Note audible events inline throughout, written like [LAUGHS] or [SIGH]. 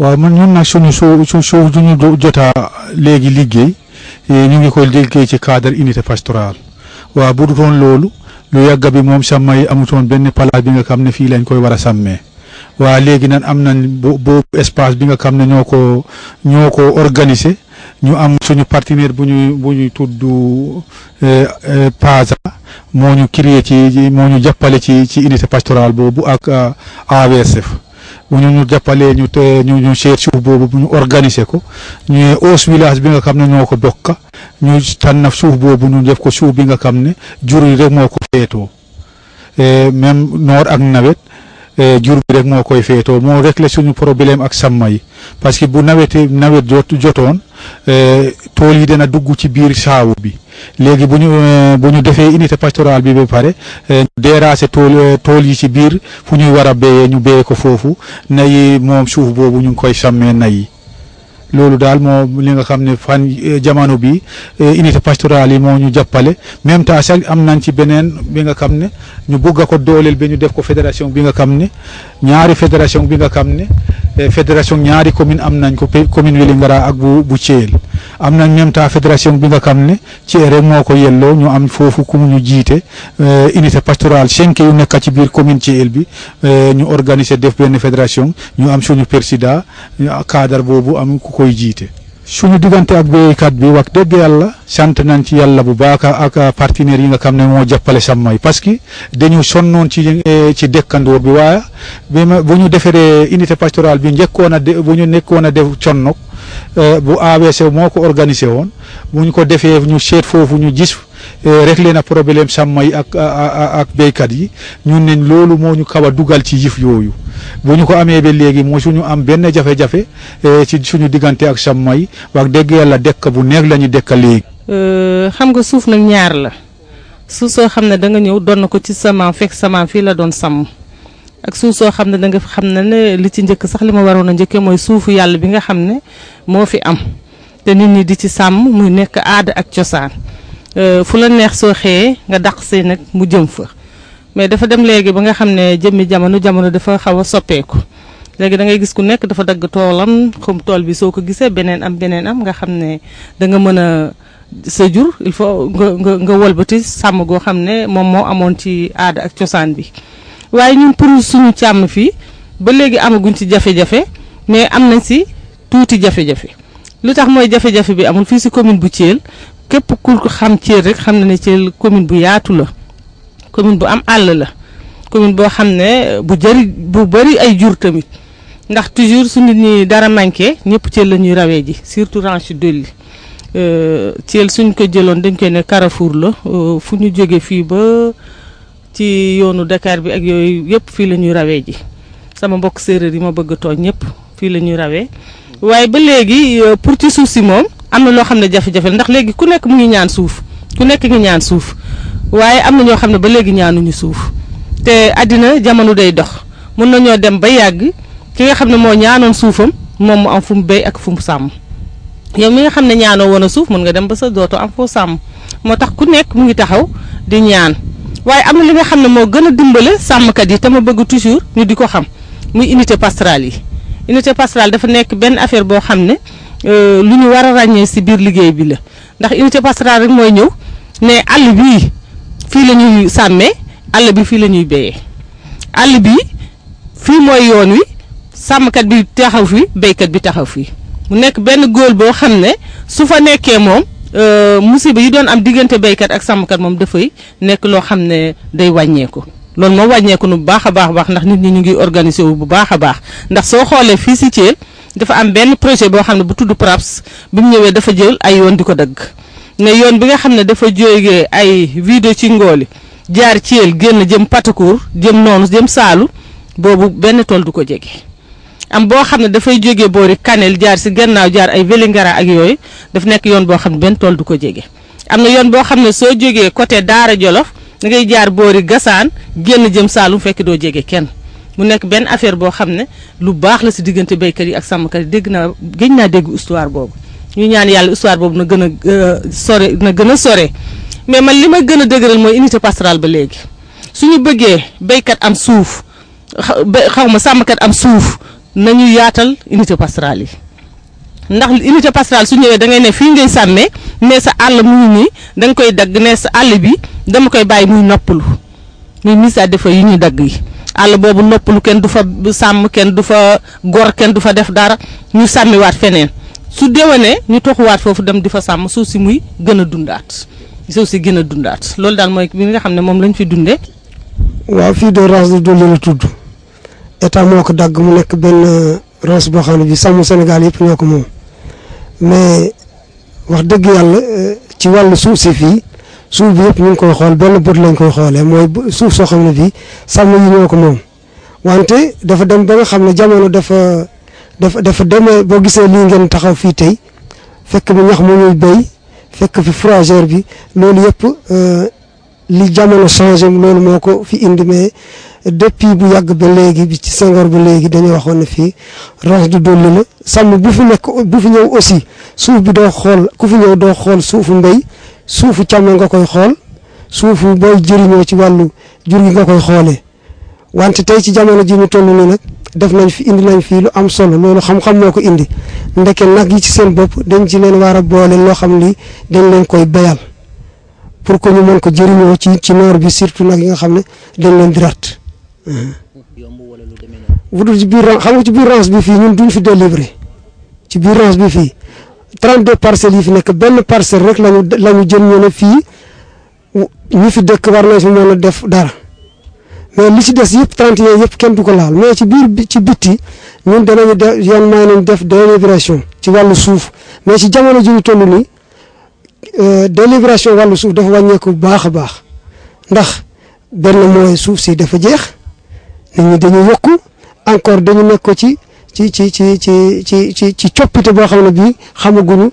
waaw man ñun nag suñu suuf suuf suuf ñu jot a léegi liggéey eh, ñu ngi ko liggéey ci cadre unité pastorale waaw bu dutoon loolu lu yàgg bi moom sàmm yi amutoon benn palaas bi nga xam ne fii koy war a sàmmee waaw léegi nan am nañ boobu espace bi nga xam ne ñoo ko ñoo ko organiser ñu am suñu partenaire bu ñu bu ñu tudd eh, eh, PASA moo ñu créé ci moo ñu jàppale ci ci unité pastorale boobu ak AVSF. bu ñu ñu ñu te ñu ñu seet suuf boobu bu ñu organiser ko ñu os village bi nga xam ne ñoo ko bokk ñu tànn suuf boobu ñu def ko suuf bi nga xam ne jur yi rek moo ko feetoo eh, même noor ak nawet. E, jur bi rek moo koy féetoo moo réglé suñu problème ak sàmm yi parce que bu nawetee nawet jotoon e, tool yi dana dugg ci biir saawu bi léegi bu ñu e, bu ñu defee unité pastorale bi ba pare déracer tool tool yi ci biir fu ñu war a béyee ñu béyee ko foofu nayi moom suuf boobu ñu ngi koy sàmmee nayi loolu daal moo li nga xam ne fan eh, jamono bi eh, unité pastorale yi ñu jàppale même temps sax am nañ ci beneen bi nga xam ne ñu bëgg a ko dooleel ba ñu def ko fédération bi nga xam ne ñaari fédération bi nga xam ne eh, fédération ñaari commune am nañ ko commune Vélingara ak bu bu am na même temps fédération bi nga xam ne ci moo ko yelloo ñu am foofu ku ñu jiite euh, unité pastorale cinq yu nekk ci biir commune Thiel bi euh, ñu organiser def benn fédération ñu am suñu président cadre boobu am ku koy jiite. suñu diggante ak béykat bi wax dëgg yàlla sant nañ ci yàlla bu baax ak partenaires yi nga xam ne moo jàppale sàmmay parce que dañu sonnoon ci euh, ci dëkkandoor bi waaye bu ñu defaree unité pastoral bi njëkkoon a bu ñu nekkoon a def connok Euh, bu sew moo ko organisé woon bu ñu ko defee ñu seet foofu ñu gis euh, réglé na problème sàmm yi ak ak béykat yi ñun ne loolu moo ñu kaw a dugal ci yif yooyu bu ñu ko amee ba léegi moo suñu am benn jafe-jafe euh, ci suñu diggante ak sàmm yi wax dëgg yàlla dëkk bu neex la ñu dëkk léegi. xam nga suuf nag ñaar la suuf soo xam ne da nga ñëw doon na ko ci sama fekk sama fii la doon sàmm. ak suuf soo xam ne danga nga xam ne ne li ci njëkk sax li ma waroon a njëkkee mooy suufu yàlla bi nga xam ne moo fi am te nit ñi di ci sàmm muy nekk aada ak cosaan euh, fu la neex soo xëyee nga daq say nag mu jëm fa mais dafa dem léegi ba nga xam ne jëmmi jamono jamono dafa xaw a soppeeku léegi da ngay gis ku nekk dafa dagg toolam comme tool bi soo ko gisee beneen am beneen am nga xam ne da nga mën a sa jur il faut nga nga nga wëlbati sàmm goo xam ne moom moo amoon ci aada ak cosaan bi waaye ñun pour suñu càmm fii ba léegi amaguñ ci jafe-jafe mais am nañ si tuuti jafe-jafe lu tax mooy jafe-jafe bi amul fii si commune bu Thiel képp ku xam Thiel rek xam na ne Thiel commune bu yaatu la commune bu am àll la commune boo xam ne bu jëri bu bëri ay jur tamit ndax toujours su nit ñi dara manqué ñëpp Thiel la ñuy rawee ji surtout ranch Dolli euh, Thiel suñ ko jëloon dañ koy ne Carrefour la euh, fu ñu jógee fii ba. ci yoonu Dakar bi ak yooyu yëpp fii la ñuy rawee ji sama mbokk séeréer yi ma bëgg tooñ ñëpp fii la ñuy rawee waaye ba léegi euh, pour ci suuf si moom am na loo xam ne jafe-jafe ndax léegi ku nekk mu ngi ñaan suuf ku nekk ngi ñaan suuf waaye am na ñoo xam ne ba léegi ñaanuñu suuf te àddina jamono day dox mun nañoo dem ba yàgg ki nga xam ne moo ñaanoon suufam moom am fu mu béy ak fu sàmm yow mi nga xam ne ñaanoo woon suuf mun nga dem ba sa dootoo am foo sàmm moo tax ku nekk mu ngi taxaw di ñaan. waaye am na li nga xam ne moo gën a dimbale sàmmkat yi te ma bëgg toujours ñu di ko xam muy unité pastorale yi unité pastorale dafa nekk benn affaire boo xam ne euh, lu ñu war a ràññee si biir liggéey bi la ndax unité pastorale rek mooy ñëw ne àll bii fii la ñuy sàmmee àll bi fii la ñuy béyee àll bii fii mooy yoon wi sàmmkat bi taxaw fi béykat bi taxaw fii mu nekk benn góor boo xam ne su fa nekkee moom Euh, musiba yi doon am diggante béykat ak sàmmkat moom dafay nekk loo xam ne day wàññeeku. loolu moom wàññeeku nu bu baax a baax baax ndax nit ñi ñu ngi organiser wu bu baax a baax ndax soo xoolee fii si Thiel dafa am benn projet boo xam ne bu tudd PRAPS bi mu ñëwee dafa jël ay yoon di ko dëgg ne yoon bi nga xam ne dafa jógee ay vidéo ci ngooli jaar Thiel génn jëm Patacour jëm noonu jëm Saalu boobu benn tool du ko jege. am boo xam ne dafay jóge boori Kanel jaar si gannaaw jaar ay Vélingara ak yooyu daf nekk yoon boo xam ne benn tool du ko jege. am na yoon boo xam ne soo jógee côté Daara Jolof da ngay jaar boori Gasaan génn jëm Saalum fekk doo jege kenn mu nekk benn affaire boo xam ne lu baax la si diggante baykat yi ak sàmmkat yi dégg naa gëj naa dégg histoire boobu. ñu ñaan yàlla histoire boobu na gën a euh, sore na gën a sore mais man li ma gën a dëgëral mooy unité pastorale ba léegi suñu bëggee béykat am suuf xaw ma sàmmkat am suuf nañu yaatal unité pastorale yi ndax unité pastorale su ñëwee da ne fii ngay sànnee ne sa àll mu ngi nii da koy dagg ne sa àll bi dama koy bàyyi muy noppalu muy mise à défaut ñu dagg yi àll boobu noppalu kenn du fa sàmm kenn du fa gor kenn du fa def dara ñu sàmmiwaat feneen su deewee déwénee ñu toxuwaat foofu dem di fa sàmm suuf si muy gën a dundaat suuf si gën a dundaat loolu daal mooy bi nga xam ne moom lañu fi dundee. waaw fii de race de doole la tudd. état moo ko dagg mu nekk benn euh, roos boo xam ne bi sàmm Sénégal yëpp ñoo ko moom mais wax dëgg yàlla euh, ci wàllu suuf si fii suuf bi yëpp ñu ngi koy benn bët lañ ko xoolee mooy suuf soo xam ne bii sàmm yi ñoo ko moom wante dafa dem ba nga xam ne jamono dafa dafa dafa demee boo gisee lii ngeen taxaw fii tey fekk bi ñax mu ñuy béy fekk fi fourragère bi loolu yëpp euh, li jamono changé loolu moo ko fi indi depuis bu yàgg ba léegi bi ci Senghor ba léegi dañuy waxoon na fii rox du dolli la sàmm bu fi nekk bu fi ñëw aussi suuf bi doo xool ku fi ñëw doo xool suuf mbéy suufu càmm nga koy xool suuf booy jëriñoo ci wàllu jur gi nga koy xoolee wante tey ci jamono ji ñu toll nii nag def nañ fi indi nañ fii lu am solo loo loolu xam-xam moo ko indi ndeke nag yi ci seen bopp dañ ci leen war a boole loo xam ni dañ leen koy bayal pour ko ñu mën ko jëriñoo ci ci noor bi nag yi nga xam ne dañ leen di bu dul ci biir xam nga ci biir range bi fii ñun duñ fi ci biir range bi fii 32 parcelles yi fi nekk benn parcelle rek lañu lañu jël ñu ne fii ñu fi dëkk war nañ fi mën a def dara mais li ci des yëpp 31 yëpp kenn du ko laal mais ci biir ci bitti ñun danañu def yoon may nañ def délibération ci wàllu suuf mais ci jamono ji ñu toll nii euh, délibération wàllu suuf dafa wàññeeku bu baax a baax ndax benn mooy suuf si dafa jeex. nit ñi dañuy yokku encore dañu nekk ci ci ci ci ci ci ci ci coppite boo xam ne bii xamaguñu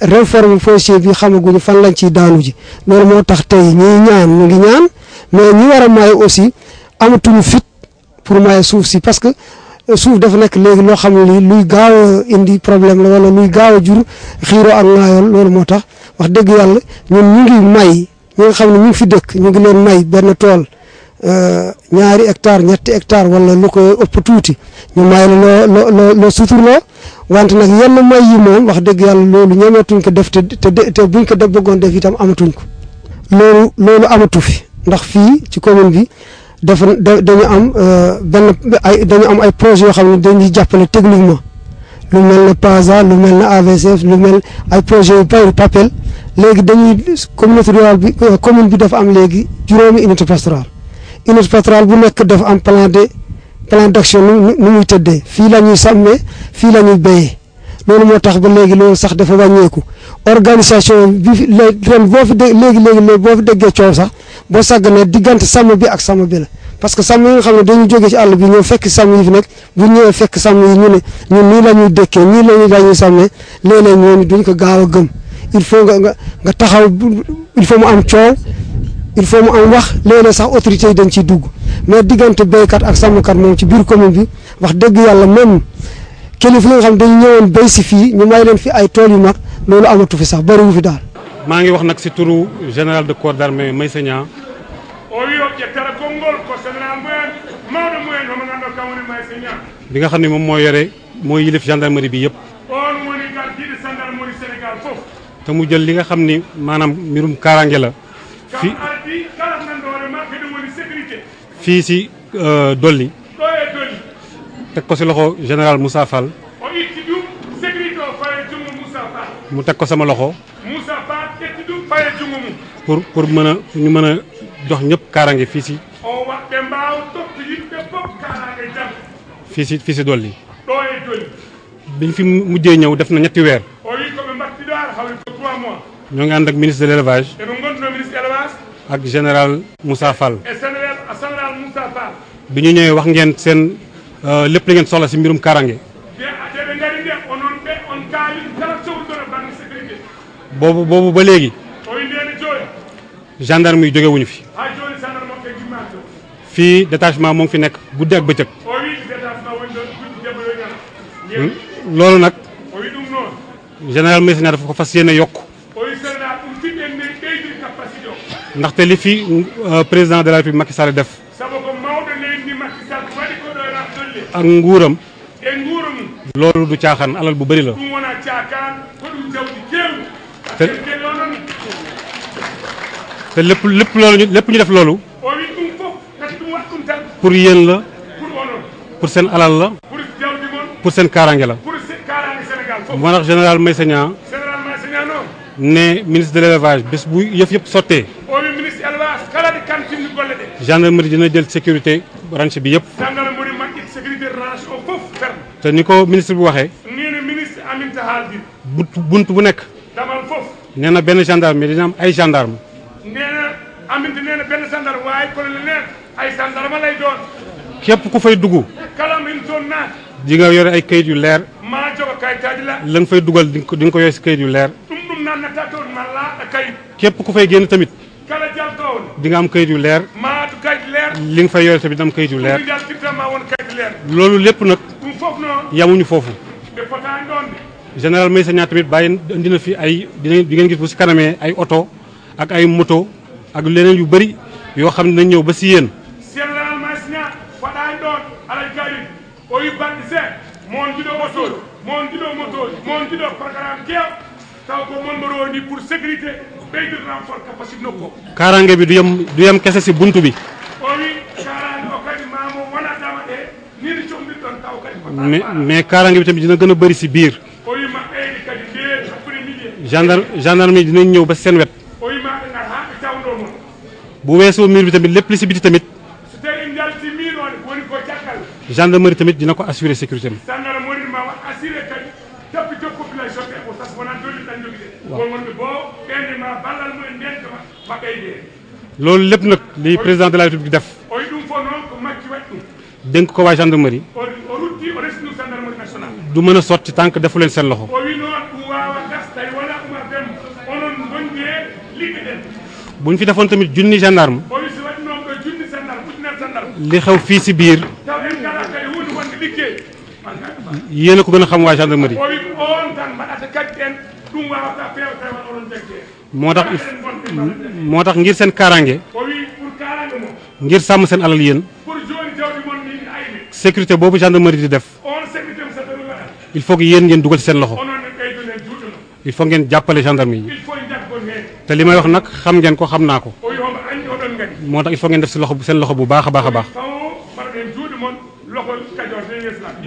réforme foncier bi xamaguñu fan lañ ciy daanu ji loolu moo tax tey ñiy ñaan ñu ngi ñaan mais ñi war a maye aussi amatuñu fit pour maye suuf si parce que euh, suuf dafa nekk léegi loo xam ne luy gaaw indi problème la wala luy gaaw a jur xiiroo ak loolu moo tax wax dëgg yàlla ñun ñu ngi may ñi xam ne ñu ngi fi dëkk ñu ngi leen may benn tool. Euh, ñaari hectare ñetti hectare wala lu ko ëpp tuuti ñu may la loo loo loo suturloo wante nag yenn may yi moom wax dëgg yàlla loolu ñemeetuñ ko def te te buñ ko def bëggoon def itam amatuñ ko loolu loolu amatu fi ndax fii ci commune bi dafa dañu am euh, benn ay dañu am ay projets yoo xam ne dañuy jàppale techniquement lu mel ne PASA lu mel ne AVCF lu mel ay projets yu bari PAPEL léegi dañuy communauté rurale bi euh, commune bi def am léegi juróomi unité pastorale unité pétrole bu nekk def am plan de plan d'action nu nu muy tëddee fii la ñuy sàmmee fii la ñuy béyee loolu moo tax ba léegi loolu sax dafa wàññeeku organisation bi fi ren boo fi dé léegi léegi léegi boo fi déggee coow sax boo sàgganee diggante sàmm bi ak sàmm bi la parce que sàmm yi nga xam ne dañu jógee ci àll bi ñoo fekk sàmm yi fi nekk bu ñëwee fekk sàmm yi ñu ne ñun nii la ñuy dëkkee nii la ñuy la ñuy sàmmee léeg-léeg ñooñu duñ ko gaaw gëm il faut nga nga taxaw il faut mu am coow il faut mu am wax leena sax autorité yi dañ ci dugg mais diggante béykat ak sàmmkat mom ci bir commune bi wax deug yalla mom kelif yi nga xam dañ ñëwoon bay ci fi ñu may leen fi ay tool yu mag lolu amatu fi sax wu fi dal ma ngi wax nak ci turu général de corps d'armée may seigna bi nga xam ne moom moo yore yilif gendarmerie bi yëpp. te mu jël li nga xam ni maanaam mbirum la fi. Fisi euh, doli dolli teg ko ci loxo general Moussa Fall mu tek ko sama loxo pour pour Fisi a ñu mën a jox ñëpp kaaraange fii si fii si fii si dolli biñ fi def na ñetti ngi ak ministre de l'élevage ak général Moussa Fall bi ñu ñëwee wax ngeen seen euh, lépp li ngeen soxla si mbirum kaaraange. boobu boobu ba léegi. gendarme yi jóge wuñu fi. fii détachement moo fi nekk guddi ak bëccëg. Hmm? loolu nag général Messina dafa ko fas yéene yokk ndaxte li fi euh, président de la République Macky Sall def. ak nguuram loolu du caaxaan alal bu bari la te lépp lépp loolu lépp ñu def loolu pour yéen la pour seen alal la pour seen kaaraange la moo tax général Meïssa Niang ne ministre de l'élevage bés bu yëf yëpp sottee gendarmerie dina jël sécurité ranch bi yëpp te ni ko ministre bu waxee. nee bu nekk. damal na benn gendarme dina am ay gendarme. képp ku fay duggu kalam di nga yore ay kayit yu leer. maa nga fay dugal di ko di nga yore si kayit yu leer. képp ku fay génn tamit. kala am kayit yu leer. maa du kayit kayit yu leer. loolu lépp nag. yamuñu fofu général Meissa Niang tamit baye dina fi ay di ngeen gis bu ci kanamé ay auto ak ay moto ak leneen yu bari yo xamni na ñew ba ci yeen général Meissa Niang faɗaani ɗon ala jari o yu bandise mon balɗe do moto mon otoji do moto mon moon do programme keew taw ko mon monmoro ni pour sécurité bay ɓeydir renfort capacité noko karange bi du yam du yam kessé ci buntu bi mais mais kaaraange bi tamit dina gën a bari si biir. gendarme gendarme yi dinañ ñëw ba seen wet. bu weesoo miir bi tamit lépp li si biti tamit. gendarmerie tamit dina ko assurer sécurité am. loolu lépp nag li président de la République def. dénk ko waa gendarmerie. du mën a sotti tànk defu leen seen loxo bu ñu fi defoon tamit junni gendarme li xew fii si biir yéen a ko gën a xam waa gendarmerie moo tax moo tax ngir seen kaaraange ngir sàmm seen alal yéen sécurité boobu gendarmerie di def il faut que yéen ngeen dugal seen loxo il faut ngeen jàppale gendarme yi te li may wax nak xam ngeen ko xam nako motax il faut ngeen def ci loxo sen loxo bu baax a baax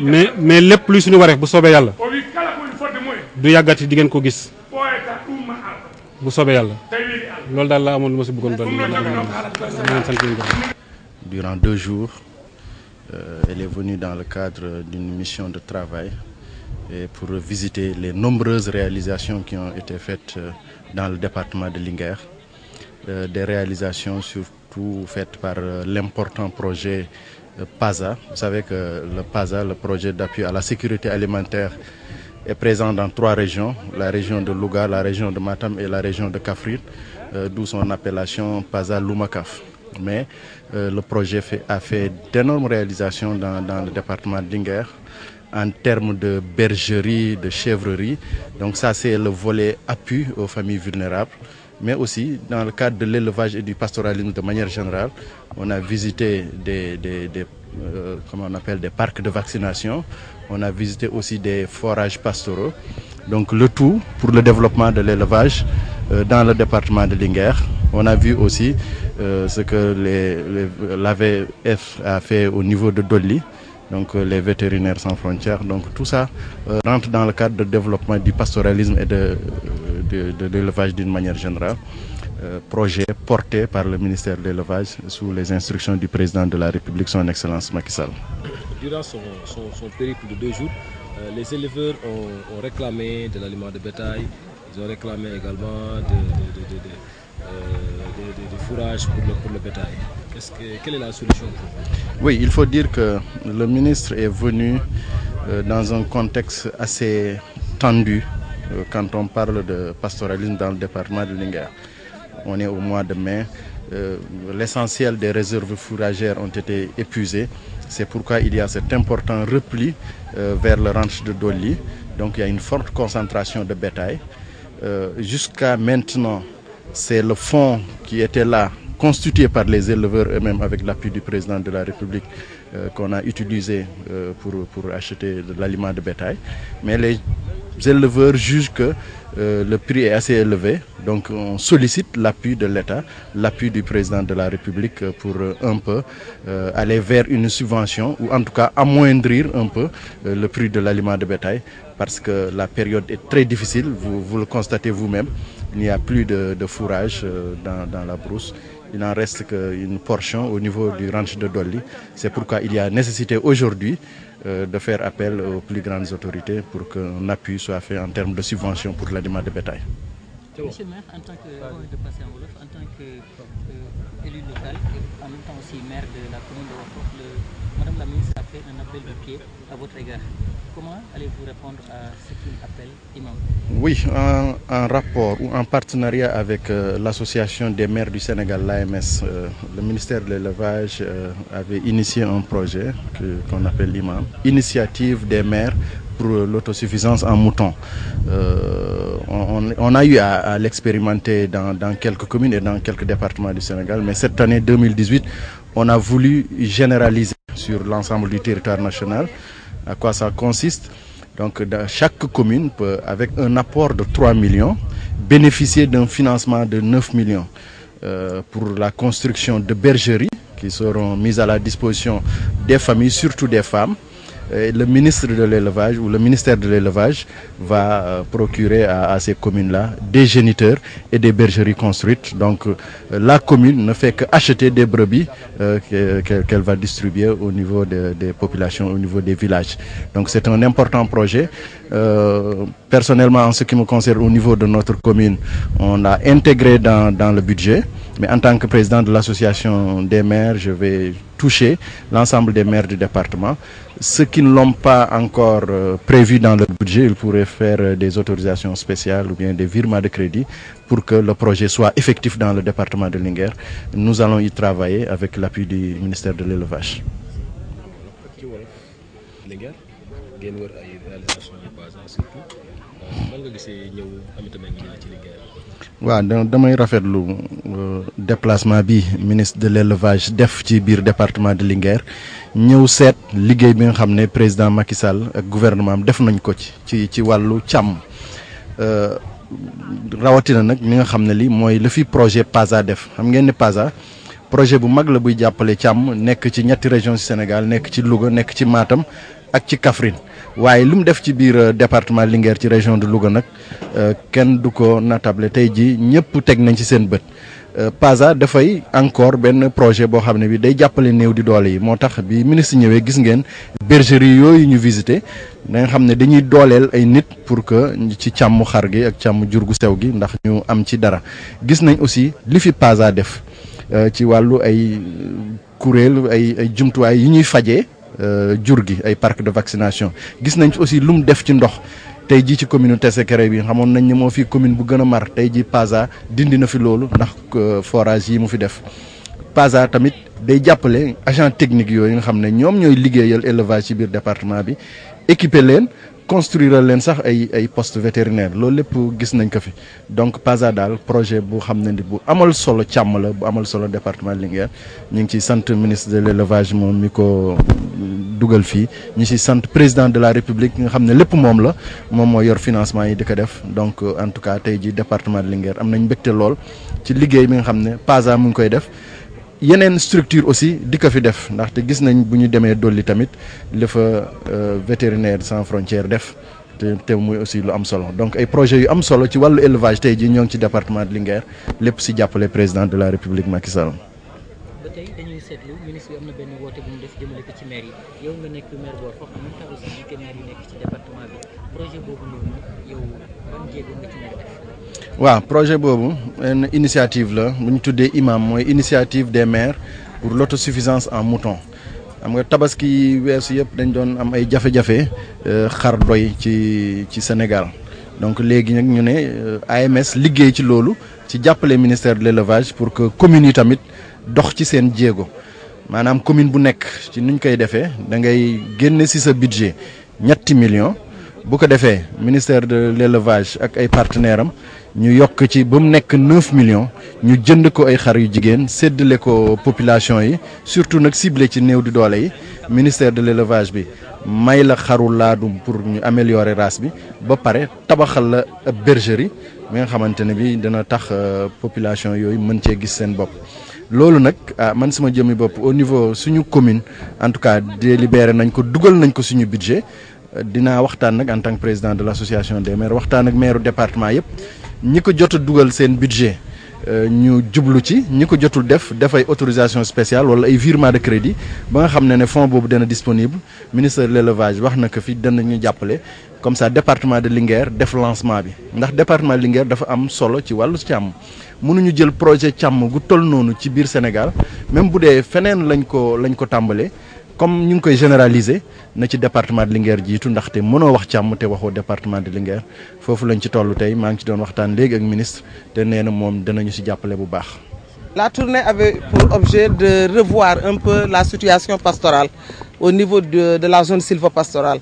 mais mais lepp lu suñu waré bu soobee yalla du yàggati di ngeen ko gis bu soobee yalla loolu dal la amoon lu ma si bëggoon doon durant deux jours euh, elle est venue dans le cadre d'une mission de travail et pour visiter les nombreuses réalisations qui ont été faites euh, dans le département de Linguerre. Euh, des réalisations surtout faites par euh, l'important projet PASA. Vous savez que le PASA, le projet d'appui à la sécurité alimentaire, est présent dans trois régions, la région de Louga, la région de Matam et la région de Kafrine, d'où son appellation PASA Lumakaf mais le projet a fait d'énormes réalisations dans, le département de d'Inger en termes de bergerie, de chèvrerie. Donc ça, c'est le volet appui aux familles vulnérables. Mais aussi, dans le cadre de l'élevage et du pastoralisme de manière générale, on a visité des, euh, on appelle, des parcs de vaccination. On a visité aussi des forages pastoraux. Donc le tout pour le développement de l'élevage euh, dans le département de Linger. On a vu aussi euh, ce que l'AVF a fait au niveau de Dolly donc euh, les vétérinaires sans frontières. Donc tout ça euh, rentre dans le cadre de développement du pastoralisme et de, euh, l'élevage d'une manière générale. projet porté par le ministère de l'élevage sous les instructions du président de la République, son Excellence Macky Sall. Durant son, périple de deux jours, les éleveurs ont, réclamé de l'aliment de bétail, ils ont réclamé également de, fourrage pour le bétail quelle est la solution Oui, il faut dire que le ministre est venu euh, dans un contexte assez tendu euh, quand on parle de pastoralisme dans le département de Linga. On est au mois de mai. Euh, l'essentiel des réserves fourragères ont été épuisées. C'est pourquoi il y a cet important repli vers le ranch de Doli. Donc il y a une forte concentration de bétail. Jusqu'à maintenant, c'est le fond qui était là constitué par les éleveurs eux-mêmes avec l'appui du président de la République euh, qu'on a utilisé euh, pour, acheter de l'aliment de bétail. Mais les éleveurs jugent que euh, le prix est assez élevé, donc on sollicite l'appui de l'État, l'appui du président de la République pour un peu aller vers une subvention ou en tout cas amoindrir un peu le prix de l'aliment de bétail parce que la période est très difficile, vous, le constatez vous-même, il n'y a plus de, fourrage dans la brousse il n'en reste qu'une portion au niveau du ranch de Dolly. C'est pourquoi il y a nécessité aujourd'hui euh, de faire appel aux plus grandes autorités pour qu'un appui soit fait en termes de subvention pour l'aliment de bétail. Monsieur le maire, en tant qu'élu euh, local et en même temps aussi maire de la commune de Wafok, Madame la ministre a fait un appel de pied à votre égard. Comment allez-vous répondre à ce qu'il appelle Imam Oui, en, rapport ou en partenariat avec euh, l'association des maires du Sénégal, l'AMS, euh, le ministère de l'élevage euh, avait initié un projet qu'on appelle Imam, initiative des maires pour l'autosuffisance en moutons. on, a eu à, l'expérimenter dans, dans, quelques communes et dans quelques départements du Sénégal, mais cette année 2018, on a voulu généraliser sur l'ensemble du territoire national à quoi ça consiste Donc, chaque commune peut, avec un apport de 3 millions, bénéficier d'un financement de 9 millions euh, pour la construction de bergeries qui seront mises à la disposition des familles, surtout des femmes, le ministre de l'élevage ou le ministère de l'élevage va euh, procurer à, ces communes-là des géniteurs et des bergeries construites. Donc euh, la commune ne fait qu'acheter des brebis euh, qu'elle va distribuer au niveau des populations, au niveau des villages. Donc c'est un important projet. Euh, personnellement, en ce qui me concerne, au niveau de notre commune, on a intégré dans, le budget. Mais en tant que président de l'association des maires, je vais toucher l'ensemble des maires du département. Ceux qui ne l'ont pas encore euh, prévu dans leur budget, ils pourraient faire euh, des autorisations spéciales ou bien des virements de crédit pour que le projet soit effectif dans le département de Linger. Nous allons y travailler avec l'appui du ministère de l'élevage. waaw damay rafetlu euh, déplacement bi ministre de l'élevage def ci biir département de Linguère ñëw seet liggéey bi nga xam ne président Macky Sall ak gouvernement am def nañ ko ci ci ci wàllu càmm euh, rawatina nag li nga xam ne li mooy la fi projet PASA def xam ngeen ne PASA projet bu mag la buy jàppale càmm nekk ci ñetti région ci Sénégal nekk ci Louga nekk ci Matam ak ci Kaffrine waaye li mu def ci biir euh, département Linguère ci région de Louga nag euh, kenn du ko natable tey jii ñëpp teg nañ ci seen bët euh, PASA dafay encore benn projet boo xam ne bi day jàppale néew di doole yi moo tax bi ministre ñëwee gis ngeen bergerie yooyu ñu visité da nga xam ne dañuy dooleel ay nit pour que ci càmm xar gi ak càmm jur gu sew gi ndax ñu am ci dara gis nañ aussi li fi PASA def ci wàllu ay kuréel ay ay jumtuwaay yi ñuy fajee Euh, jur gi ay parque de vaccination gis nañ ci aussi lu mu def ci ndox tey jii ci commune Tessékéré bi xamoon nañ ne moo fi commune bu gën a mar tey jii Paza dindi na fi loolu ndax euh, forage yi mu fi def Paza tamit day jàppale agent technique yooyu nga xam ne ñoom ñooy liggéeyal élevage ci biir département bi équiper leen construire leen sax ay ay poste vétérinaire loolu lépp gis nañ ko fi donc PASA daal projet bu xam ne ni bu amal solo càmm la bu amal solo département Linguère ñu ngi ciy sant ministre de l' élevage moom mi ko dugal fii ñu ci sant président de la république nga xam ne lépp moom la moom moo yor financement yi di ko def donc en tout cas tey ji département de am nañ mbégte lool ci liggéey bi nga xam ne PASA mu ngi koy def yeneen structure aussi di ko fi def ndaxte gis nañ bu ñu demee dolli tamit la fa euh, vétérinaire sans frontières def te te aussi lu am solo donc ay projet yu am solo ci wàllu élevage tey ci département de Linguère lépp si jàppale président de la république Macky Sall Voilà, projet boobu une initiative là, bu ñu imam mooy initiative des maires pour l'autosuffisance en mouton xam nga tabaski yi weesu yëpp dañ doon am ay jafé jafé, euh, xar doy ci ci Sénégal donc les nag ñu ne euh, AMS liggéey ci qui ci le ministère de l'élevage pour que communes yi tamit dox ci seen jéego maanaam commune bu nekk ci nuñ koy defee da ngay génne ci sa budget ñetti millions Beaucoup de faits. ministère de l'élevage ak ay partenaires am ñu yokk ci ba nekk 9 millions ñu jënd ko ay xar yu jigéen séddale ko population yi surtout nous ciblé ci néew di doole yi ministère de l'élevage bi may la xaru pour ñu améliorer race bi ba pare tabaxal la bergerie bi nga xamante ne bi tax euh, population yooyu mën cee gis seen bopp. loolu ah, man sama jëmi bop au niveau suñu commune en tout cas délibéré nañ ko duggal nañ ko suñu budget dina waxtaan nak en tant que président de l'association des maires waxtaan ak maire département yépp ñiko ko duggal sen budget euh, ñu jublu ci ñiko jotul def def autorisation spéciale wala ay virement de crédit ba nga xamné né fonds bobu dana disponible ministre de l'élevage wax na ko fi ñu jàppale comme ça département de Linguère def lancement bi ndax département de Linguère dafa am solo ci wàllu mënu ñu jël projet càmm gu toll nonu ci bir Sénégal même boudé fenen lañ ko lañ ko tambalé comme nous sommes généralisés, généraliser département de Linguère jiitu ndaxte mënoo wax càmm te département de Linger. Il lañ ci toll tey maa ngi ministre qui nee nous La tournée avait pour objet de revoir un peu la situation pastorale au niveau de, la zone silvopastorale.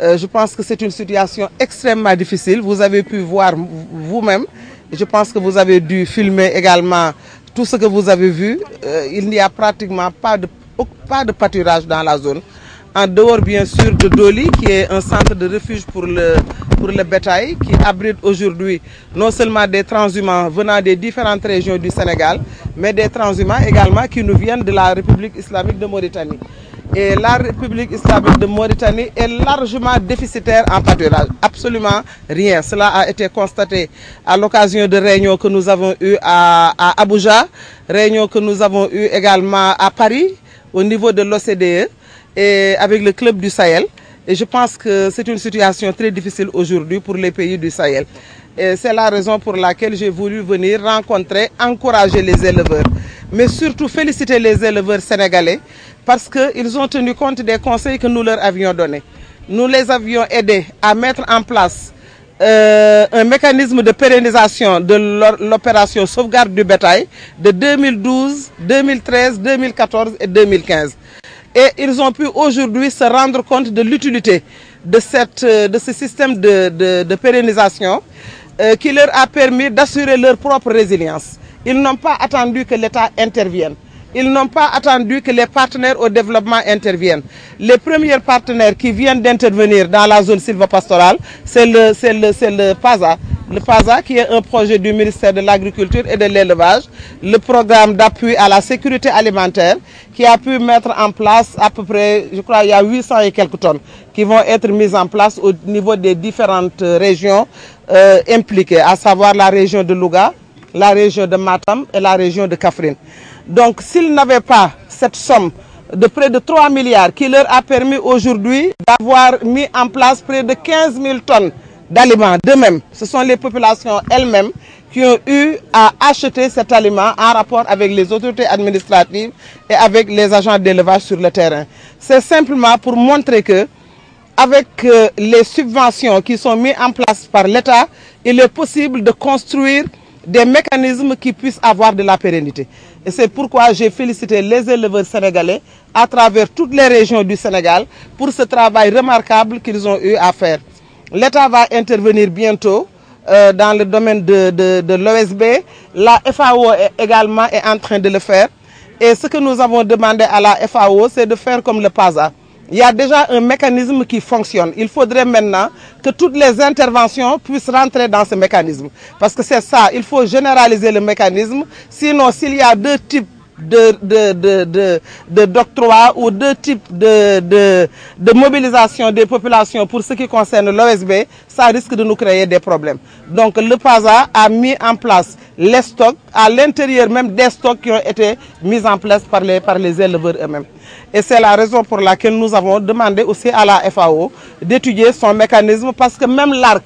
Euh, je pense que c'est une situation extrêmement difficile. Vous avez pu voir vous-même. Je pense que vous avez dû filmer également tout ce que vous avez vu. Euh, il n'y a pratiquement pas de pas de pâturage dans la zone. En dehors, bien sûr, de Doli, qui est un centre de refuge pour le, pour les bétail, qui abrite aujourd'hui non seulement des transhumants venant des différentes régions du Sénégal, mais des transhumants également qui nous viennent de la République islamique de Mauritanie. Et la République islamique de Mauritanie est largement déficitaire en pâturage. Absolument rien. Cela a été constaté à l'occasion de réunions que nous avons eues à, à Abuja, réunions que nous avons eues également à Paris, au niveau de l'OCDE et avec le club du Sahel. Et je pense que c'est une situation très difficile aujourd'hui pour les pays du Sahel. Et c'est la raison pour laquelle j'ai voulu venir rencontrer, encourager les éleveurs, mais surtout féliciter les éleveurs sénégalais parce qu'ils ont tenu compte des conseils que nous leur avions donnés. Nous les avions aidés à mettre en place euh, un mécanisme de pérennisation de l'opération sauvegarde du bétail de 2012, 2013, 2014 et 2015. Et ils ont pu aujourd'hui se rendre compte de l'utilité de, euh, de ce système de, pérennisation euh, qui leur a permis d'assurer leur propre résilience. Ils n'ont pas attendu que l'État intervienne ils n'ont pas attendu que les partenaires au développement interviennent. Les premiers partenaires qui viennent d'intervenir dans la zone sylvopastorale, c'est le, le, le PASA. Le PASA qui est un projet du ministère de l'Agriculture et de l'Élevage, le programme d'appui à la sécurité alimentaire qui a pu mettre en place à peu près, je crois, il y a 800 et quelques tonnes qui vont être mises en place au niveau des différentes régions euh, impliquées, à savoir la région de Louga, la région de Matam et la région de Kafrine. Donc s'ils n'avaient pas cette somme de près de 3 milliards qui leur a permis aujourd'hui d'avoir mis en place près de 15 000 tonnes d'aliments d'eux-mêmes, ce sont les populations elles-mêmes qui ont eu à acheter cet aliment en rapport avec les autorités administratives et avec les agents d'élevage sur le terrain. C'est simplement pour montrer que avec euh, les subventions qui sont mises en place par l'État, il est possible de construire des mécanismes qui puissent avoir de la pérennité. c'est pourquoi j'ai félicité les éleveurs sénégalais à travers toutes les régions du Sénégal pour ce travail remarquable qu'ils ont eu à faire. L'État va intervenir bientôt euh, dans le domaine de, de, l'OSB. La FAO est également est en train de le faire. Et ce que nous avons demandé à la FAO, c'est de faire comme le PASA il y a déjà un mécanisme qui fonctionne. Il faudrait maintenant que toutes les interventions puissent rentrer dans ce mécanisme. Parce que c'est ça, il faut généraliser le mécanisme. Sinon, s'il y a deux types de, de, de ou deux types de, de, de mobilisation des populations pour ce qui concerne l'OSB, ça risque de nous créer des problèmes. Donc le PASA a mis en place les stocks, à l'intérieur même des stocks qui ont été mis en place par les, éleveurs eux-mêmes. Et c'est la raison pour laquelle nous avons demandé aussi à la FAO d'étudier son mécanisme parce que même l'ARC,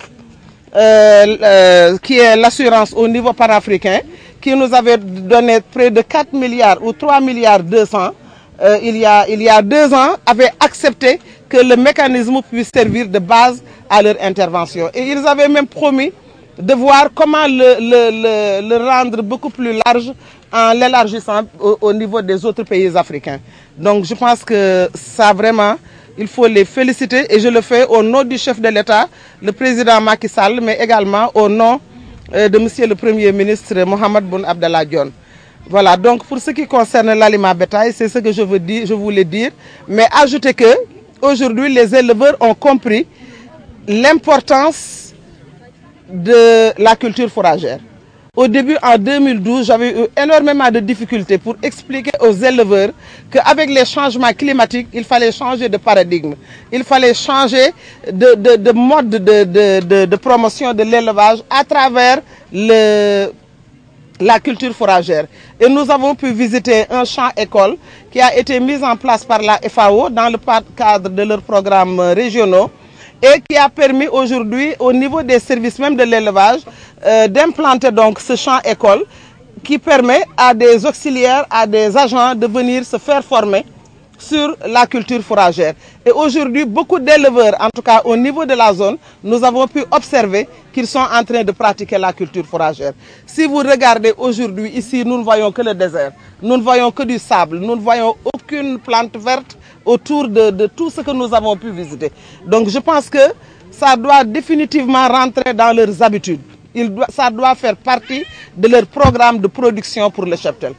euh, euh, qui est l'assurance au niveau panafricain, qui nous avait donné près de 4 milliards ou 3 milliards 200 euh, il, y a, il y a deux ans, avait accepté que le mécanisme puisse servir de base à leur intervention. Et ils avaient même promis de voir comment le, le, rendre beaucoup plus large en l'élargissant au, au, niveau des autres pays africains. Donc je pense que ça vraiment, il faut les féliciter et je le fais au nom du chef de l'État, le président Macky Sall, mais également au nom euh, de Monsieur le Premier ministre Mohamed Boun Abdallah Dion. Voilà, donc pour ce qui concerne l'aliment bétail, c'est ce que je, veux dire, je voulais dire. Mais ajoutez que aujourd'hui, les éleveurs ont compris l'importance de la culture foragère au début, en 2012, j'avais eu énormément de difficultés pour expliquer aux éleveurs qu'avec les changements climatiques, il fallait changer de paradigme. Il fallait changer de, mode de, promotion de l'élevage à travers la culture foragère. Et nous avons pu visiter un champ école qui a été mis en place par la FAO dans le cadre de leurs programmes régionaux et qui a permis aujourd'hui au niveau des services même de l'élevage euh, d'implanter donc ce champ école qui permet à des auxiliaires, à des agents de venir se faire former sur la culture fourragère. Et aujourd'hui, beaucoup d'éleveurs, en tout cas au niveau de la zone, nous avons pu observer qu'ils sont en train de pratiquer la culture fourragère. Si vous regardez aujourd'hui ici, nous ne voyons que le désert, nous ne voyons que du sable, nous ne voyons aucune plante verte, autour de, tout ce que nous avons pu visiter. Donc je pense que ça doit définitivement rentrer dans leurs habitudes. Il doit, ça doit faire partie de leur programme de production pour le cheptel.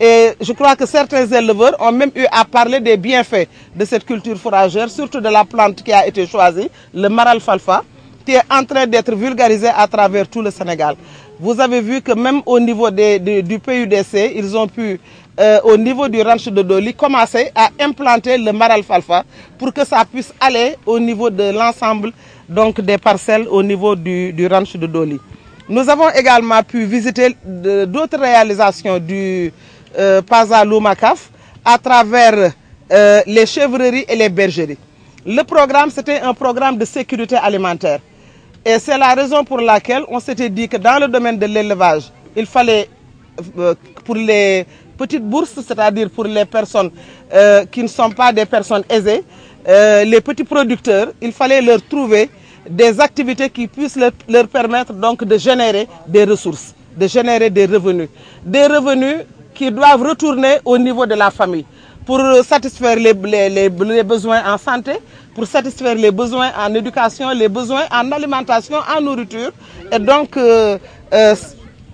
Et je crois que certains éleveurs ont même eu à parler des bienfaits de cette culture fourragère, surtout de la plante qui a été choisie, le maralfalfa, qui est en train d'être vulgarisé à travers tout le Sénégal. Vous avez vu que même au niveau des, du, du PUDC, ils ont pu euh, au niveau du ranch de Doli, commencer à implanter le maralfalfa pour que ça puisse aller au niveau de l'ensemble donc des parcelles au niveau du, ranch de Doli. Nous avons également pu visiter d'autres réalisations du euh, Pazalou Macaf à travers euh, les chèvreries et les bergeries. Le programme, c'était un programme de sécurité alimentaire. Et c'est la raison pour laquelle on s'était dit que dans le domaine de l'élevage, il fallait, euh, pour les petites bourse, c'est-à-dire pour les personnes euh, qui ne sont pas des personnes aisées, euh, les petits producteurs, il fallait leur trouver des activités qui puissent leur, permettre donc de générer des ressources, de générer des revenus. Des revenus qui doivent retourner au niveau de la famille pour satisfaire les, les, les besoins en santé, pour satisfaire les besoins en éducation, les besoins en alimentation, en nourriture. Et donc, euh, euh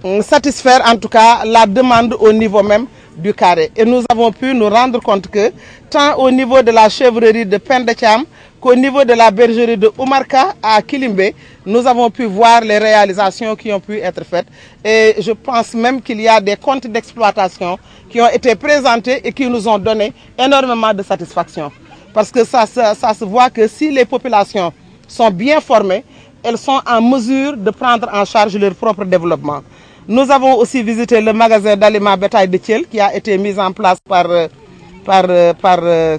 euh, satisfaire en tout cas la demande au niveau même du carré. Et nous avons pu nous rendre compte que, tant au niveau de la chevrerie de Pendetiam qu'au niveau de la bergerie de Oumarka à Kilimbe, nous avons pu voir les réalisations qui ont pu être faites. Et je pense même qu'il y a des comptes d'exploitation qui ont été présentés et qui nous ont donné énormément de satisfaction. Parce que ça, ça, ça se voit que si les populations sont bien formées, elles sont en mesure de prendre en charge leur propre développement. Nous avons aussi visité le magasin d'aliments bétail de Thiel qui a été mis en place par, euh, par, euh, par, euh,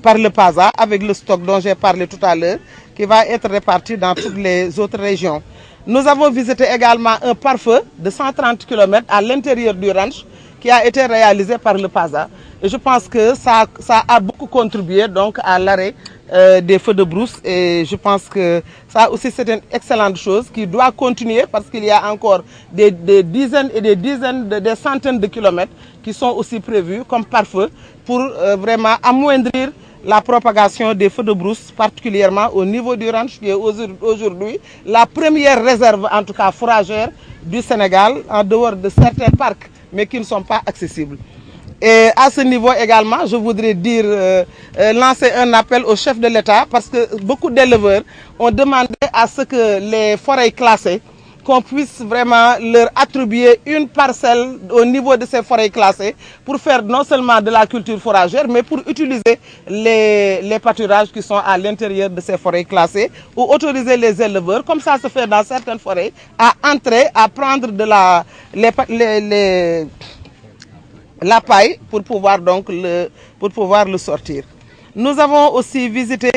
par le PASA avec le stock dont j'ai parlé tout à l'heure qui va être réparti dans toutes les autres régions. Nous avons visité également un pare-feu de 130 km à l'intérieur du ranch qui a été réalisé par le PASA. Et je pense que ça, ça a beaucoup contribué donc à l'arrêt euh, des feux de brousse. Et je pense que ça aussi, c'est une excellente chose qui doit continuer parce qu'il y a encore des, dizaines et des dizaines, des centaines de kilomètres qui sont aussi prévus comme pare-feu pour euh, vraiment amoindrir la propagation des feux de brousse, particulièrement au niveau du ranch, qui est aujourd'hui la première réserve, en tout cas fourragère, du Sénégal, en dehors de certains parcs mais qui ne sont pas accessibles. Et à ce niveau également, je voudrais dire, euh, euh, lancer un appel au chef de l'État parce que beaucoup d'éleveurs ont demandé à ce que les forêts classées qu'on puisse vraiment leur attribuer une parcelle au niveau de ces forêts classées pour faire non seulement de la culture foragère, mais pour utiliser les, pâturages qui sont à l'intérieur de ces forêts classées ou autoriser les éleveurs, comme ça se fait dans certaines forêts, à entrer, à prendre de la, les, la paille pour pouvoir, donc le, pour pouvoir le sortir. Nous avons aussi visité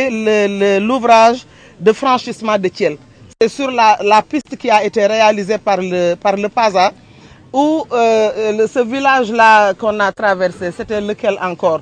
l'ouvrage de franchissement de Thiel sur la, piste qui a été réalisée par le, par le PASA, où euh, euh, ce village-là qu'on a traversé, c'était lequel encore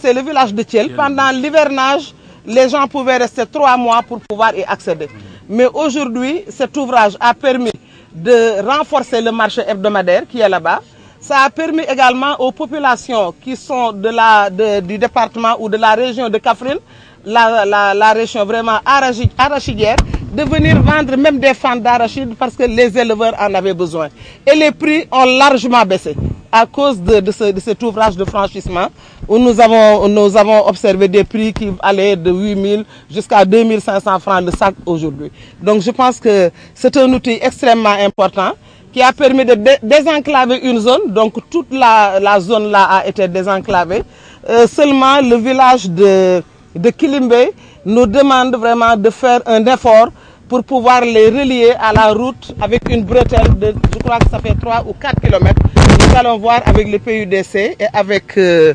C'est le village de Tiel. Pendant l'hivernage, les gens pouvaient rester trois mois pour pouvoir y accéder. Mais aujourd'hui, cet ouvrage a permis de renforcer le marché hebdomadaire qui est là-bas. Ça a permis également aux populations qui sont de la, du département ou de la région de Kafrine, la, la, la région vraiment arachidière, de venir vendre même des fentes d'arachide parce que les éleveurs en avaient besoin. Et les prix ont largement baissé à cause de, ce, cet ouvrage de franchissement où nous avons, nous avons observé des prix qui allaient de 8 000 jusqu'à 2 500 francs le sac aujourd'hui. Donc je pense que c'est un outil extrêmement important qui a permis de désenclaver une zone. Donc toute la, la zone là a été désenclavée. Euh, seulement le village de de Kilimbe nous demande vraiment de faire un effort pour pouvoir les relier à la route avec une bretelle de, je crois que ça fait 3 ou 4 km. Nous allons voir avec le PUDC et avec, euh,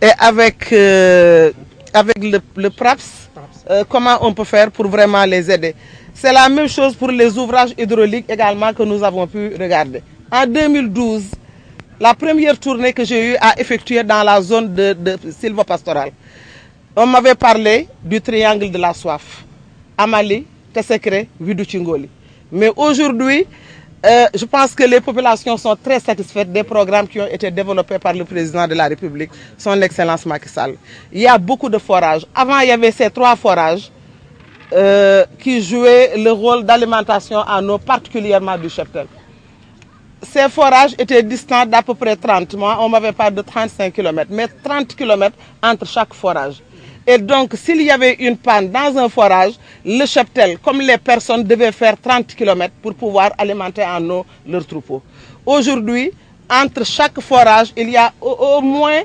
et avec, euh, avec le, PRAPS euh, comment on peut faire pour vraiment les aider. C'est la même chose pour les ouvrages hydrauliques également que nous avons pu regarder. En 2012, la première tournée que j'ai eue à effectuer dans la zone de, de Pastoral. On m'avait parlé du triangle de la soif. Amali, Tessekre, Viduchingoli. Mais aujourd'hui, euh, je pense que les populations sont très satisfaites des programmes qui ont été développés par le président de la République, son Excellence Macky Sall. Il y a beaucoup de forages. Avant, il y avait ces trois forages euh, qui jouaient le rôle d'alimentation en eau, particulièrement du cheptel. Ces forages étaient distants d'à peu près 30 mois. On m'avait parlé de 35 km, mais 30 km entre chaque forage. Et donc, s'il y avait une panne dans un forage, le cheptel, comme les personnes, devaient faire 30 km pour pouvoir alimenter en eau leur troupeau. Aujourd'hui, entre chaque forage, il y a au, moins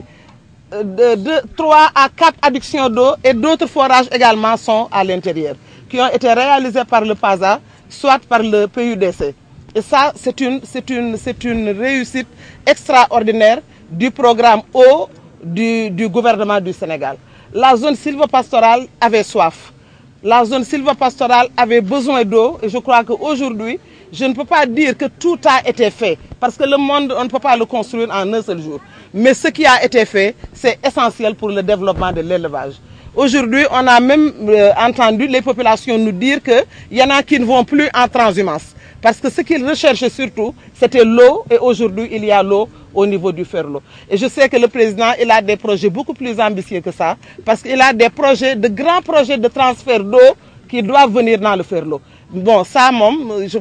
euh, de, 3 à 4 addictions d'eau et d'autres forages également sont à l'intérieur, qui ont été réalisés par le PASA, soit par le PUDC. Et ça, c'est une, réussite extraordinaire du programme eau du gouvernement du Sénégal. La zone sylvopastorale avait soif. La zone silvopastorale avait besoin d'eau. Et je crois qu'aujourd'hui, je ne peux pas dire que tout a été fait. Parce que le monde, on ne peut pas le construire en un seul jour. Mais ce qui a été fait, c'est essentiel pour le développement de l'élevage. Aujourd'hui, on a même euh, entendu les populations nous dire qu'il y en a qui ne vont plus en transhumance. Parce que ce qu'ils recherchaient surtout, c'était l'eau. Et aujourd'hui, il y a l'eau au niveau du Ferlo. Et je sais que le président, il a des projets beaucoup plus ambitieux que ça, parce qu'il a des projets, de grands projets de transfert d'eau qui doivent venir dans le Ferlo. Bon, ça, je, ne sais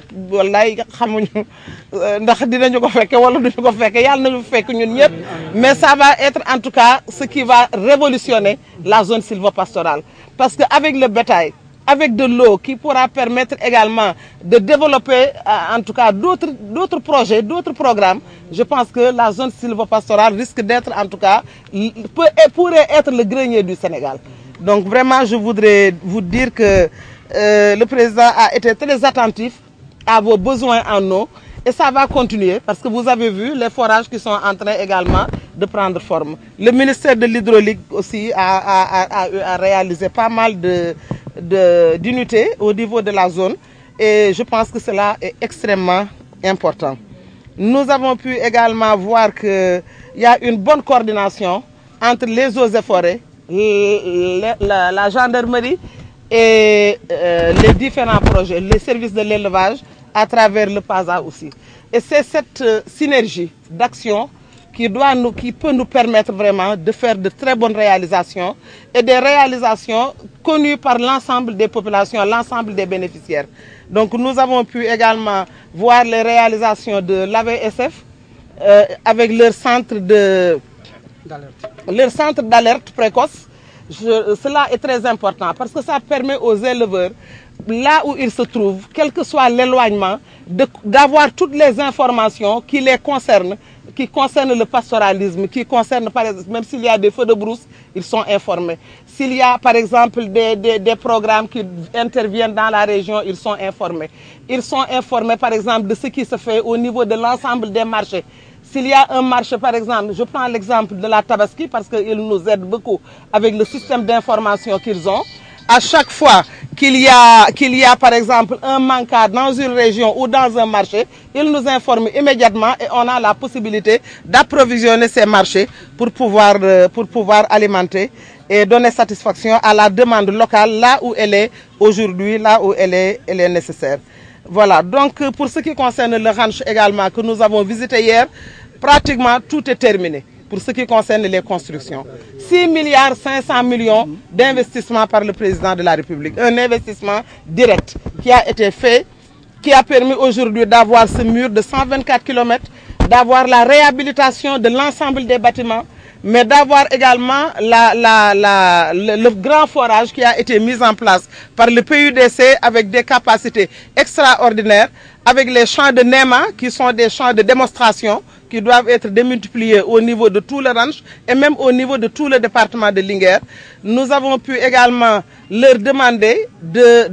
pas dinañu ko wala duñu ko yalla mais ça va être en tout cas ce qui va révolutionner la zone pastorale parce qu'avec le bétail avec de l'eau qui pourra permettre également de développer euh, en tout cas d'autres projets, d'autres programmes, je pense que la zone sylvopastorale risque d'être en tout cas, peut, pourrait être le grenier du Sénégal. Donc vraiment, je voudrais vous dire que euh, le président a été très attentif à vos besoins en eau et ça va continuer parce que vous avez vu les forages qui sont en train également de prendre forme. Le ministère de l'hydraulique aussi a réalisé pas mal de, d'unité au niveau de la zone et je pense que cela est extrêmement important. Nous avons pu également voir qu'il y a une bonne coordination entre les eaux et forêts, la, gendarmerie et euh, les différents projets, les services de l'élevage à travers le PASA aussi. Et c'est cette euh, synergie d'action qui, doit nous, qui peut nous permettre vraiment de faire de très bonnes réalisations et des réalisations connues par l'ensemble des populations, l'ensemble des bénéficiaires. Donc nous avons pu également voir les réalisations de l'AVSF euh, avec leur centre de leur centre d'alerte précoce. cela est très important parce que ça permet aux éleveurs, là où ils se trouvent, quel que soit l'éloignement, d'avoir toutes les informations qui les concernent qui concerne le pastoralisme, qui concerne, par exemple, même s'il y a des feux de brousse, ils sont informés. S'il y a, par exemple, des, des, des, programmes qui interviennent dans la région, ils sont informés. Ils sont informés, par exemple, de ce qui se fait au niveau de l'ensemble des marchés. S'il y a un marché, par exemple, je prends l'exemple de la Tabaski parce qu'ils nous aident beaucoup avec le système d'information qu'ils ont. À chaque fois, qu'il y a y a par exemple un manquard dans une région ou dans un marché, il nous informe immédiatement et on a la possibilité d'approvisionner ces marchés pour pouvoir euh, pour pouvoir alimenter et donner satisfaction à la demande locale là où elle est aujourd'hui, là où elle est elle est nécessaire. Voilà, donc pour ce qui concerne le ranch également que nous avons visité hier, pratiquement tout est terminé pour ce qui concerne les constructions. 6 milliards 500 millions d'investissements par le président de la République. Un investissement direct qui a été fait, qui a permis aujourd'hui d'avoir ce mur de 124 km, d'avoir la réhabilitation de l'ensemble des bâtiments, mais d'avoir également le, grand forage qui a été mis en place par le PUDC avec des capacités extraordinaires, avec les champs de NEMA qui sont des champs de démonstration qui doivent être démultipliés au niveau de tout le ranch et même au niveau de tout le département de Linger. Nous avons pu également leur demander de,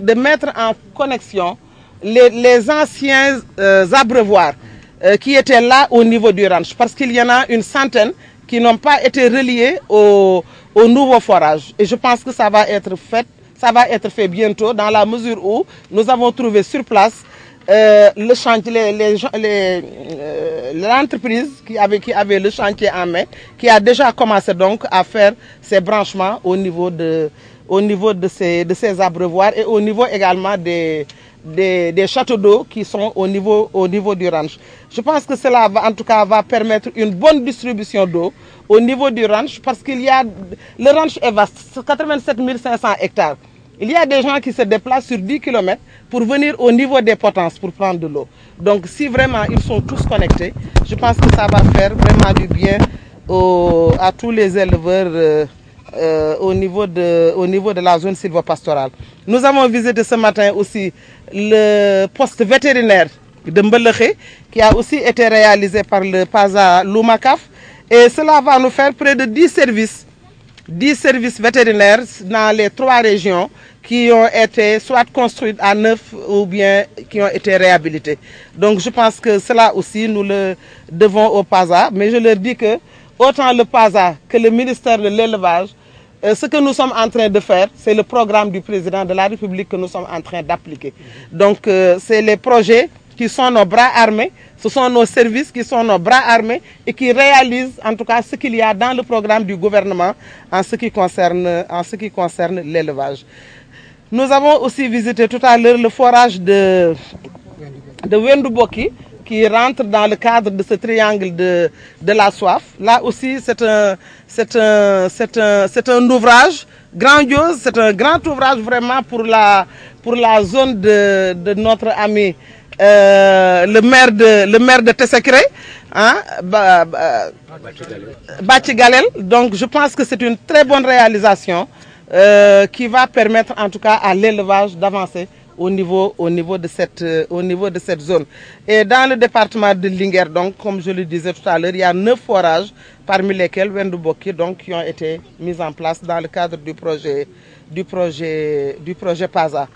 de, mettre en connexion les, anciens euh, abreuvoirs euh, qui étaient là au niveau du ranch, parce qu'il y en a une centaine qui n'ont pas été reliés au, nouveau forage. Et je pense que ça va être fait, ça va être fait bientôt, dans la mesure où nous avons trouvé sur place euh, le chantier, euh, l'entreprise les, qui, avait, qui avait le chantier en main, qui a déjà commencé donc à faire ses branchements au niveau de, au niveau de de ces abreuvoirs et au niveau également des, des, châteaux d'eau qui sont au niveau, au niveau du ranch. Je pense que cela va, en tout cas, va permettre une bonne distribution d'eau au niveau du ranch parce qu'il y a, le ranch est vaste, 87 500 hectares. Il y a des gens qui se déplacent sur 10 km pour venir au niveau des potences pour prendre de l'eau. Donc si vraiment ils sont tous connectés, je pense que ça va faire vraiment du bien à tous les éleveurs. Euh, euh, au, niveau de, au niveau de la zone silvo-pastorale. Nous avons visité ce matin aussi le poste vétérinaire de Mbeleche, qui a aussi été réalisé par le PASA Lumakaf Et cela va nous faire près de 10 services, 10 services vétérinaires dans les trois régions qui ont été soit construites à neuf ou bien qui ont été réhabilitées. Donc je pense que cela aussi, nous le devons au PASA, mais je leur dis que autant le PASA que le ministère de l'élevage, euh, ce que nous sommes en train de faire, c'est le programme du président de la République que nous sommes en train d'appliquer. Donc, euh, c'est les projets qui sont nos bras armés, ce sont nos services qui sont nos bras armés et qui réalisent en tout cas ce qu'il y a dans le programme du gouvernement en ce qui concerne, en ce qui concerne l'élevage. Nous avons aussi visité tout à l'heure le forage de, de Wenduboki, qui rentre dans le cadre de ce triangle de, de la soif. Là aussi, c'est un, un, un, un ouvrage grandiose, c'est un grand ouvrage vraiment pour la, pour la zone de, notre ami euh, le maire de le maire de hein, Galel. Donc je pense que c'est une très bonne réalisation euh, qui va permettre en tout cas à l'élevage d'avancer au niveau, au niveau, de, cette, euh, au niveau de cette zone. Et dans le département de Linger, donc, comme je le disais tout à l'heure, il y a neuf forages, parmi lesquels Wenduboki, donc, qui ont été mis en place dans le cadre du projet, du projet, du projet PASA.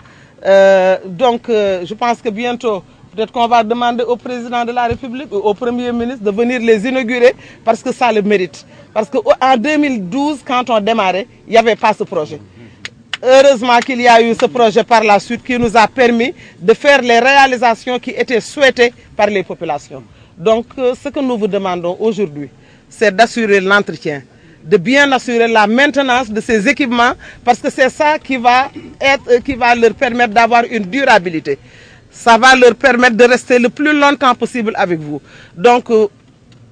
Euh, donc, euh, je pense que bientôt, peut-être qu'on va demander au président de la République au Premier ministre de venir les inaugurer parce que ça le mérite. Parce qu'en 2012, quand on démarrait, il n'y avait pas ce projet. Heureusement qu'il y a eu ce projet par la suite qui nous a permis de faire les réalisations qui étaient souhaitées par les populations. Donc euh, ce que nous vous demandons aujourd'hui, c'est d'assurer l'entretien, de bien assurer la maintenance de ces équipements parce que c'est ça qui va, être, euh, qui va leur permettre d'avoir une durabilité. Ça va leur permettre de rester le plus longtemps possible avec vous. Donc euh,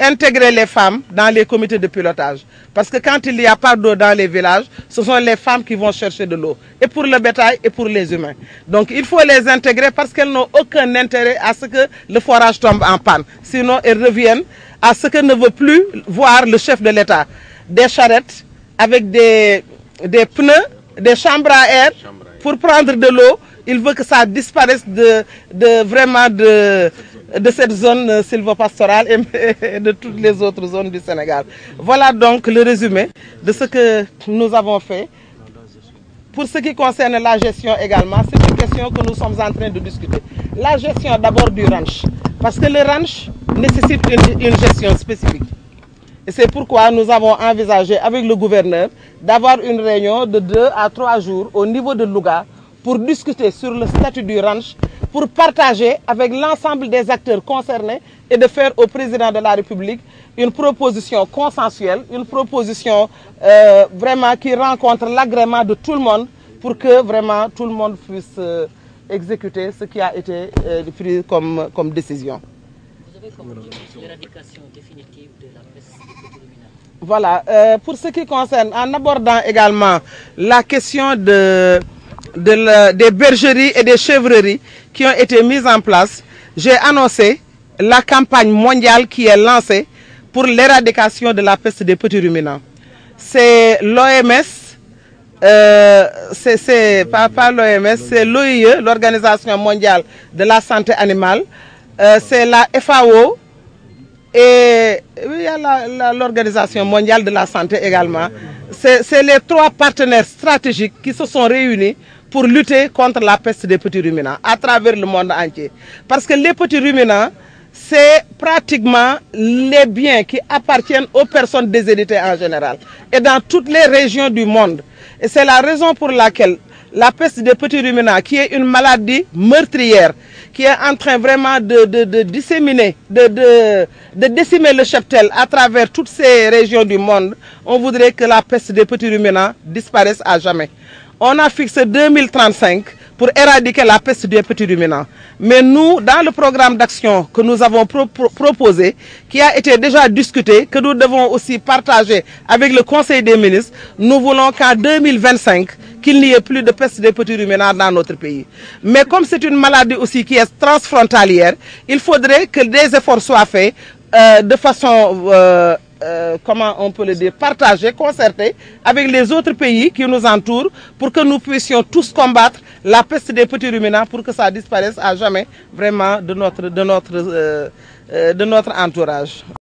intégrer les femmes dans les comités de pilotage. Parce que quand il n'y a pas d'eau dans les villages, ce sont les femmes qui vont chercher de l'eau, et pour le bétail et pour les humains. Donc il faut les intégrer parce qu'elles n'ont aucun intérêt à ce que le forage tombe en panne. Sinon, elles reviennent à ce que ne veut plus voir le chef de l'État. Des charrettes avec des, des pneus, des chambres à air pour prendre de l'eau. Il veut que ça disparaisse de, de vraiment de de cette zone euh, silvo-pastorale [LAUGHS] et de toutes les autres zones du Sénégal. Voilà donc le résumé de ce que nous avons fait. Pour ce qui concerne la gestion également, c'est une question que nous sommes en train de discuter. La gestion d'abord du ranch, parce que le ranch nécessite une, gestion spécifique. Et c'est pourquoi nous avons envisagé avec le gouverneur d'avoir une réunion de deux à trois jours au niveau de Luga, pour discuter sur le statut du ranch, pour partager avec l'ensemble des acteurs concernés et de faire au président de la République une proposition consensuelle, une proposition euh, vraiment qui rencontre l'agrément de tout le monde pour que vraiment tout le monde puisse euh, exécuter ce qui a été euh, pris comme, comme décision. Vous avez Voilà. pour ce qui concerne, en abordant également la question de des bergeries et des chèvreries qui ont été mises en place, j'ai annoncé la campagne mondiale qui est lancée pour l'éradication de la peste des petits ruminants. C'est l'OMS, euh, c'est pas, l'OMS, c'est l'OIE, l'Organisation mondiale de la santé animale, euh, c'est la FAO et l'Organisation mondiale de la santé également. C'est les trois partenaires stratégiques qui se sont réunis pour lutter contre la peste des petits ruminants à travers le monde entier. Parce que les petits ruminants, c'est pratiquement les biens qui appartiennent aux personnes déshéritées en général et dans toutes les régions du monde. Et c'est la raison pour laquelle la peste des petits ruminants, qui est une maladie meurtrière, qui est en train vraiment de, disséminer, de, de, décimer le cheptel à travers toutes ces régions du monde, on voudrait que la peste des petits ruminants disparaisse à jamais on a fixé 2035 pour éradiquer la peste des petits ruminants. Mais nous, dans le programme d'action que nous avons proposé, qui a été déjà discuté, que nous devons aussi partager avec le Conseil des ministres, nous voulons qu'en 2025, qu'il n'y ait plus de peste des petits ruminants dans notre pays. Mais comme c'est une maladie aussi qui est transfrontalière, il faudrait que des efforts soient faits euh, de façon... Euh, euh, comment on peut le dire, partager, concerté avec les autres pays qui nous entourent pour que nous puissions tous combattre la peste des petits ruminants pour que ça disparaisse à jamais vraiment de notre, de notre, euh, euh, de notre entourage.